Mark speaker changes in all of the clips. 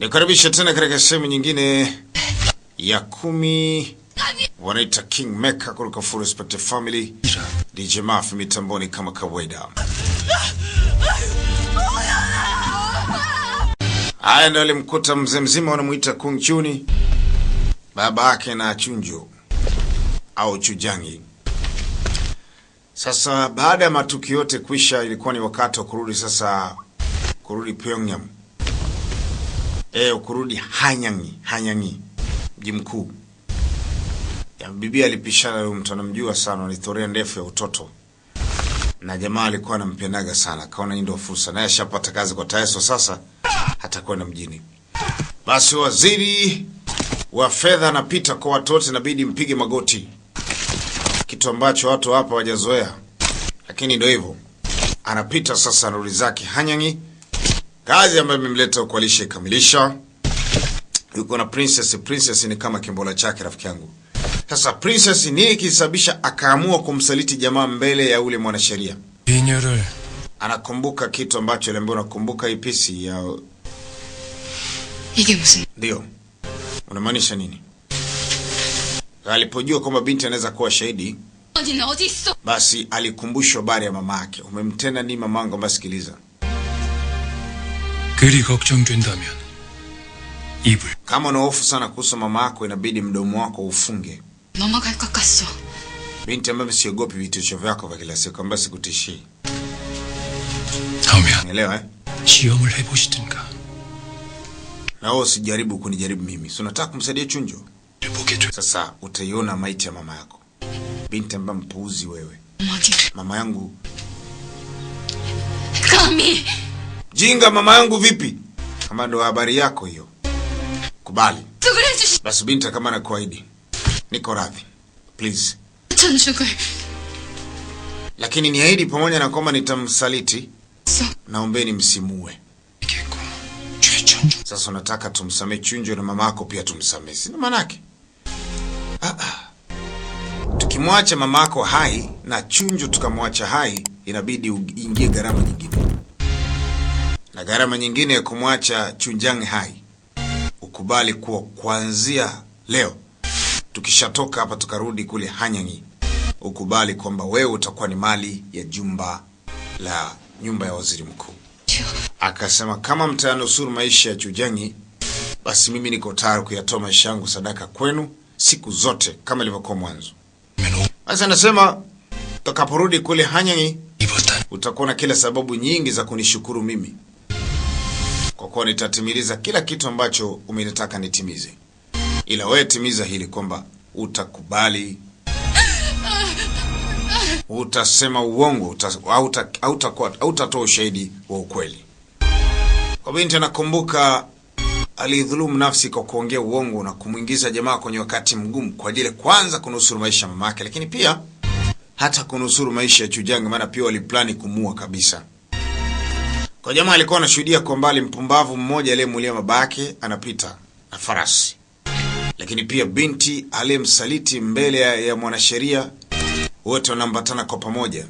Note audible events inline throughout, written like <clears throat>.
Speaker 1: Nikaribisha tena katika sehemu nyingine ya kumi, wanaita King Maker kutoka Full Respect Family. DJ Mafi mitamboni kama kawaida. Haya ndio alimkuta mzee mzima, wanamuita Kung Chuni, baba yake na Chunjo au Chujangi. Sasa baada ya matukio yote kuisha, ilikuwa ni wakati wa kurudi sasa, kurudi Pyongyang e, eh, kurudi Hanyangi, Hanyangi mji mkuu. Bibi alipishana huyo mtu, anamjua sana, na historia ndefu ya utoto, na jamaa alikuwa anampendaga sana, kaona hii ndio fursa, naye ashapata kazi kwa Taeso, sasa hatakwenda mjini. Basi waziri wa fedha anapita kwa watu wote, inabidi mpige magoti, kitu ambacho watu hapa wajazoea, lakini ndio hivyo. Anapita sasa, nuri zake Hanyangi. Kazi ambayo imemleta huko kamilisha Yuko na Princess. Princess ni kama kimbola chake rafiki yangu. Sasa Princess nini kisababisha akaamua kumsaliti jamaa mbele ya ule mwanasheria? Anakumbuka kitu ambacho ile ambayo unakumbuka hii pisi ya ndio. Unamaanisha nini? Alipojua kwamba binti anaweza kuwa shahidi, basi alikumbushwa habari ya mama yake. Umemtenda ni mamangu? Basi sikiliza
Speaker 2: 그리 걱정된다면 입을
Speaker 1: Kama unahofu sana kuhusu mama yako, inabidi mdomo wako ufunge.
Speaker 3: 넘어갈 것 같소.
Speaker 1: Binti ambavyo siogopi vitisho vyako vya kila siku, ambayo sikutishii.
Speaker 2: 하면
Speaker 1: eh? Na wewe usijaribu kunijaribu mimi. Si unataka kumsaidia Chunjo? Sasa utaiona maiti ya mama yako. Binti ambaye mpuuzi wewe. Mama yangu
Speaker 3: 감히
Speaker 1: Jinga mama yangu vipi? Kama ndo habari yako hiyo. Kubali. Basi binti kama na kuahidi. Niko radhi. Please. Lakini niahidi pamoja na kwamba nitamsaliti. Naombeni msimue. Sasa unataka tumsamee Chunjo na mama yako pia tumsamee. Sina maana yake. Ah ah. Tukimwacha mama yako hai na Chunjo tukamwacha hai inabidi uingie gharama nyingine na gharama nyingine ya kumwacha chunjangi hai. Ukubali kuwa kuanzia leo tukishatoka hapa tukarudi kule Hanyangi, ukubali kwamba wewe utakuwa ni mali ya jumba la nyumba ya waziri mkuu. Akasema kama mtayanusuru maisha ya Chujangi, basi mimi niko tayari kuyatoa maisha yangu sadaka kwenu siku zote kama ilivyokuwa mwanzo. Basi anasema utakaporudi kule Hanyangi utakuwa na kila sababu nyingi za kunishukuru mimi kwa kuwa nitatimiliza kila kitu ambacho umenitaka nitimize, ila wewe timiza hili kwamba utakubali, utasema uongo hautakuwa, hautatoa ushahidi wa ukweli. Kwa binti anakumbuka alidhulumu nafsi kwa kuongea uongo na kumwingiza jamaa kwenye wakati mgumu kwa ajili kwanza kunusuru maisha ya mamake, lakini pia hata kunusuru maisha ya chujange maana pia waliplani kumua kabisa. Kwa jamaa alikuwa anashuhudia kwa mbali mpumbavu mmoja aliyemulia baba yake anapita na farasi, lakini pia binti aliyemsaliti mbele ya, mwanasheria. Wote wanaambatana kwa pamoja,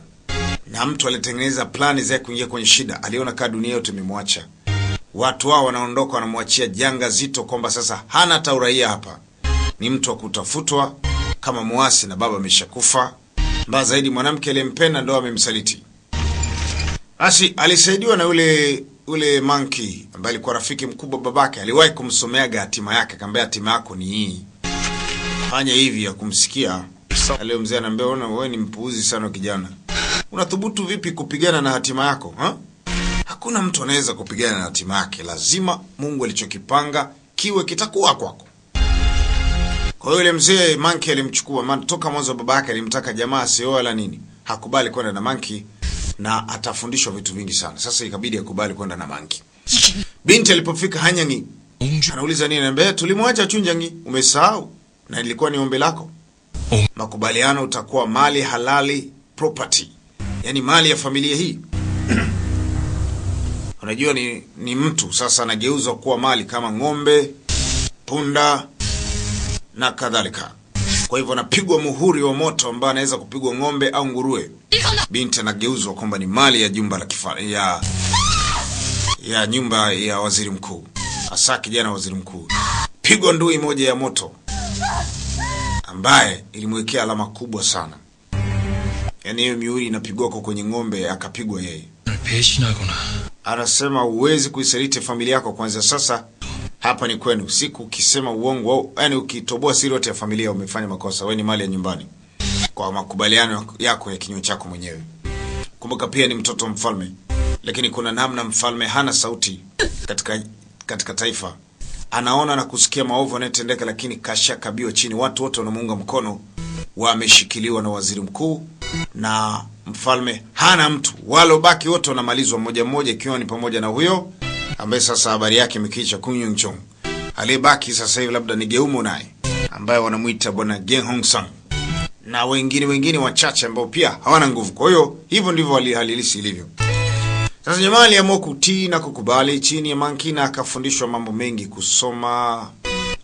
Speaker 1: na mtu alitengeneza plani za kuingia kwenye shida aliona kaa dunia yote imemwacha. Watu hao wanaondoka, wanamwachia janga zito kwamba sasa hana hata uraia hapa, ni mtu wa kutafutwa kama muasi na baba ameshakufa. Mbaya zaidi, mwanamke aliyempenda ndo amemsaliti. Basi alisaidiwa na yule yule monkey ambaye alikuwa rafiki mkubwa babake, aliwahi kumsomeaga hatima yake, akamwambia hatima yako ni hii, fanya hivi ya kumsikia. Leo mzee anambia, ona wewe ni mpuuzi sana kijana, unathubutu vipi kupigana na hatima yako ha? Hakuna mtu anaweza kupigana na hatima yake, lazima Mungu alichokipanga kiwe kitakuwa kwako. Kwa hiyo yule mzee monkey alimchukua, maana toka mwanzo babake alimtaka jamaa asioe wala nini, hakubali kwenda na monkey na atafundishwa vitu vingi sana. Sasa ikabidi akubali kwenda na mangi. Binti alipofika Hanyangi, anauliza nini? Anambia tulimwacha Chunjangi, umesahau? Na ilikuwa ni ombi lako. Makubaliano utakuwa mali halali property, yani mali ya familia hii. <clears throat> Unajua ni, ni mtu sasa anageuzwa kuwa mali kama ng'ombe, punda na kadhalika. Kwa hivyo anapigwa muhuri wa moto ambaye anaweza kupigwa ng'ombe au nguruwe. Binti anageuzwa kwamba ni mali ya jumba la kifalme ya ya nyumba ya waziri mkuu. Hasa kijana waziri mkuu. Pigwa ndui moja ya moto ambaye ilimwekea alama kubwa sana. Yaani hiyo miuri inapigwa kwa kwenye ng'ombe akapigwa yeye. Anasema huwezi kuisaliti familia yako kwanza sasa hapa ni kwenu. Siku ukisema uongo au yani ukitoboa siri yote ya familia umefanya makosa. Wewe ni mali ya nyumbani kwa makubaliano yako ya kinywa chako mwenyewe. Kumbuka pia ni mtoto mfalme, lakini kuna namna mfalme hana sauti katika katika taifa. Anaona na kusikia maovu yanayotendeka, lakini kasha kabio chini. Watu wote wanamuunga mkono wameshikiliwa na waziri mkuu na mfalme hana mtu, walobaki wote wanamalizwa mmoja mmoja, ikiwa ni pamoja na huyo ambaye sasa habari yake imekicha Kunyung Aliyebaki sasa hivi labda ni Geumo naye ambaye wanamuita bwana Geng Hong Sang na wengine wengine wachache ambao pia hawana nguvu. Kwa hiyo hivyo ndivyo hali halisi ilivyo. Sasa jamaa aliamua kutii na kukubali chini ya Monkey na akafundishwa mambo mengi, kusoma.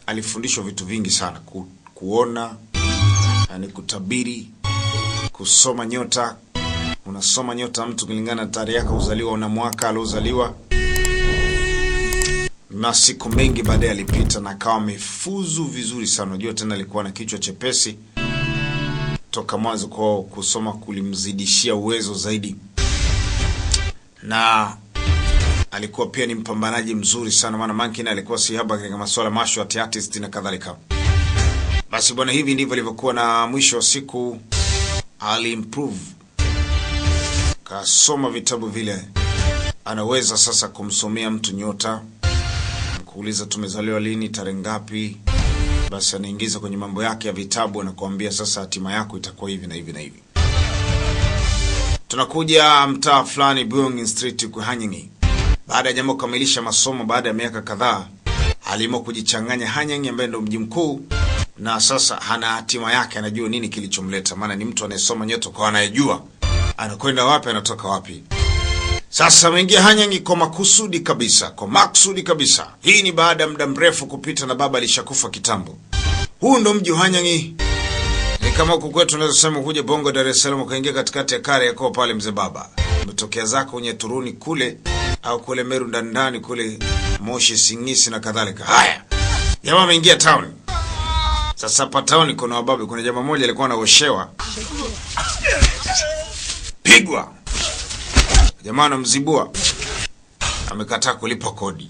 Speaker 1: Alifundishwa vitu vingi sana ku, kuona, yani eh, kutabiri, kusoma nyota. Unasoma nyota mtu kulingana na tarehe yako uzaliwa na mwaka aliozaliwa masiku mengi baadaye alipita na akawa amefuzu vizuri sana. Unajua tena alikuwa na kichwa chepesi toka mwanzo, kwa kusoma kulimzidishia uwezo zaidi, na alikuwa pia ni mpambanaji mzuri sana, maana Mankin alikuwa si haba katika masuala martial artist na kadhalika. Basi bwana, hivi ndivyo alivyokuwa, na mwisho wa siku alimprove, kasoma vitabu vile, anaweza sasa kumsomea mtu nyota kuuliza tumezaliwa lini, tarehe ngapi, basi anaingiza kwenye mambo yake ya vitabu, anakuambia sasa hatima yako itakuwa hivi na hivi na hivi. Tunakuja mtaa fulani Buyong Street Kuhanyangi. Baada ya jambo kukamilisha masomo baada ya miaka kadhaa, alimo kujichanganya Hanyangi ambaye ndio mji mkuu, na sasa hana hatima yake, anajua nini kilichomleta, maana ni mtu anayesoma nyota kwa anayejua anakwenda wapi, anatoka wapi. Sasa ameingia Hanyangi kwa makusudi kabisa, kwa makusudi kabisa. Hii ni baada ya muda mrefu kupita, na baba alishakufa kitambo. Huu ndo mji wa Hanyangi. Ni kama huku kwetu unaweza sema kuja Bongo, Dar es Salaam, ukaingia katikati ya kare yako pale mzee baba, umetokea zako kwenye Turuni kule au kule Meru ndani kule Moshi, Singisi na kadhalika. Haya, jamaa ameingia town. Sasa pa town kuna wababu, kuna jamaa mmoja alikuwa anaoshewa pigwa Jamaa anamzibua. Amekataa kulipa kodi.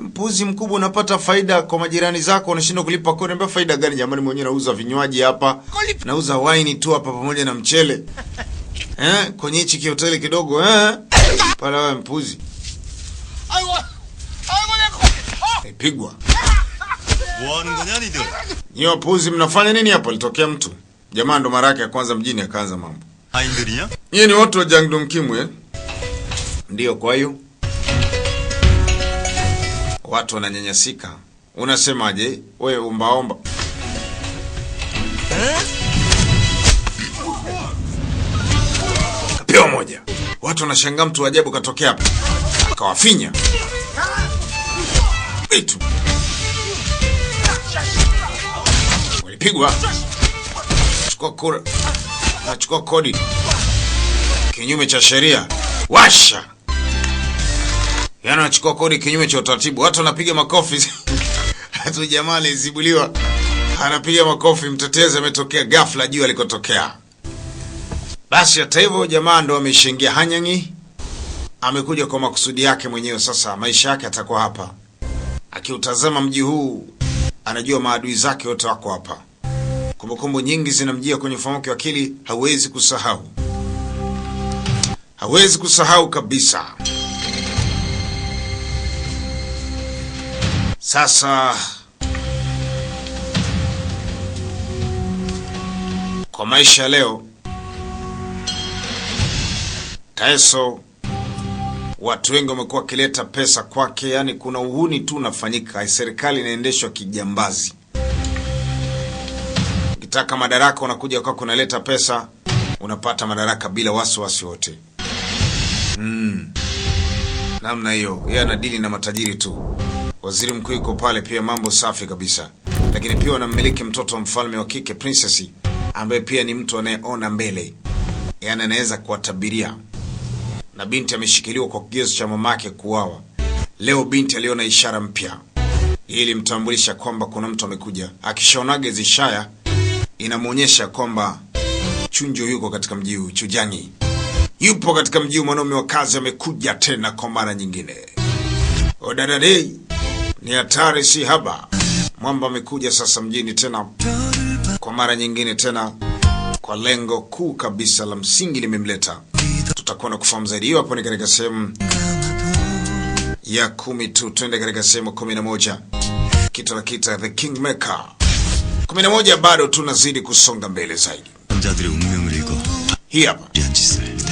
Speaker 1: Mpuzi mkubwa, unapata faida kwa majirani zako, unashindwa kulipa kodi. Ambia faida gani jamani? Mwenyewe nauza vinywaji hapa, nauza wine tu hapa pamoja na mchele <laughs> eh, kwenye hichi kihoteli kidogo eh, Pala wewe mpuzi pigwa. Nyo puzi, mnafanya nini hapo? Litokea mtu jamaa, ndo mara yake ya kwanza mjini, akaanza mambo. Yeye ni watu wa Jangdom Kimwe. eh? Ndiyo, kwa hiyo watu wananyanyasika. Unasemaje wewe, ombaomba kapeo moja? Watu wanashangaa, mtu ajabu katokea hapa akawafinya vitu, walipigwa, chukua kura, nachukua kodi kinyume cha sheria, washa Yaani anachukua kodi kinyume cha utaratibu. Watu wanapiga makofi. Hatu <laughs> jamaa alizibuliwa. Anapiga makofi mtetezi ametokea ghafla juu alikotokea. Basi hata hivyo jamaa ndo ameshingia Hanyangi. Amekuja kwa makusudi yake mwenyewe sasa maisha yake atakuwa hapa. Akiutazama mji huu anajua maadui zake wote wako hapa. Kumbukumbu nyingi zinamjia kwenye ufahamu wake, akili hawezi kusahau. Hawezi kusahau kabisa. Sasa kwa maisha leo, Taeso watu wengi wamekuwa wakileta pesa kwake, yani kuna uhuni tu unafanyika, serikali inaendeshwa kijambazi. Ukitaka madaraka unakuja kwa unaleta pesa, unapata madaraka bila wasiwasi wote. Mm, namna hiyo, yeye anadili na matajiri tu. Waziri mkuu yuko pale pia, mambo safi kabisa. Lakini pia wanamiliki mtoto wa mfalme wa kike princess, ambaye pia ni mtu anayeona mbele, yani anaweza kuwatabiria. Na binti ameshikiliwa kwa kigezo cha mamake kuwawa Leo binti aliona ishara mpya, mtambulisha kwamba kuna mtu amekuja. akishaonage zishaya inamwonyesha kwamba Chunjo yuko katika mji huu, Chujangi yupo katika mji huu, mwanaume wa kazi amekuja tena kwa mara nyingine. Odadadei oh, ni hatari si haba. Mwamba amekuja sasa mjini tena kwa mara nyingine tena kwa lengo kuu kabisa la msingi limemleta. Tutakuwa na kufahamu zaidi hiyo hapo, ni katika sehemu ya kumi tu. Twende katika sehemu kumi na moja kitu na kita The Kingmaker kumi na moja. Bado tunazidi kusonga mbele zaidi hii hapa.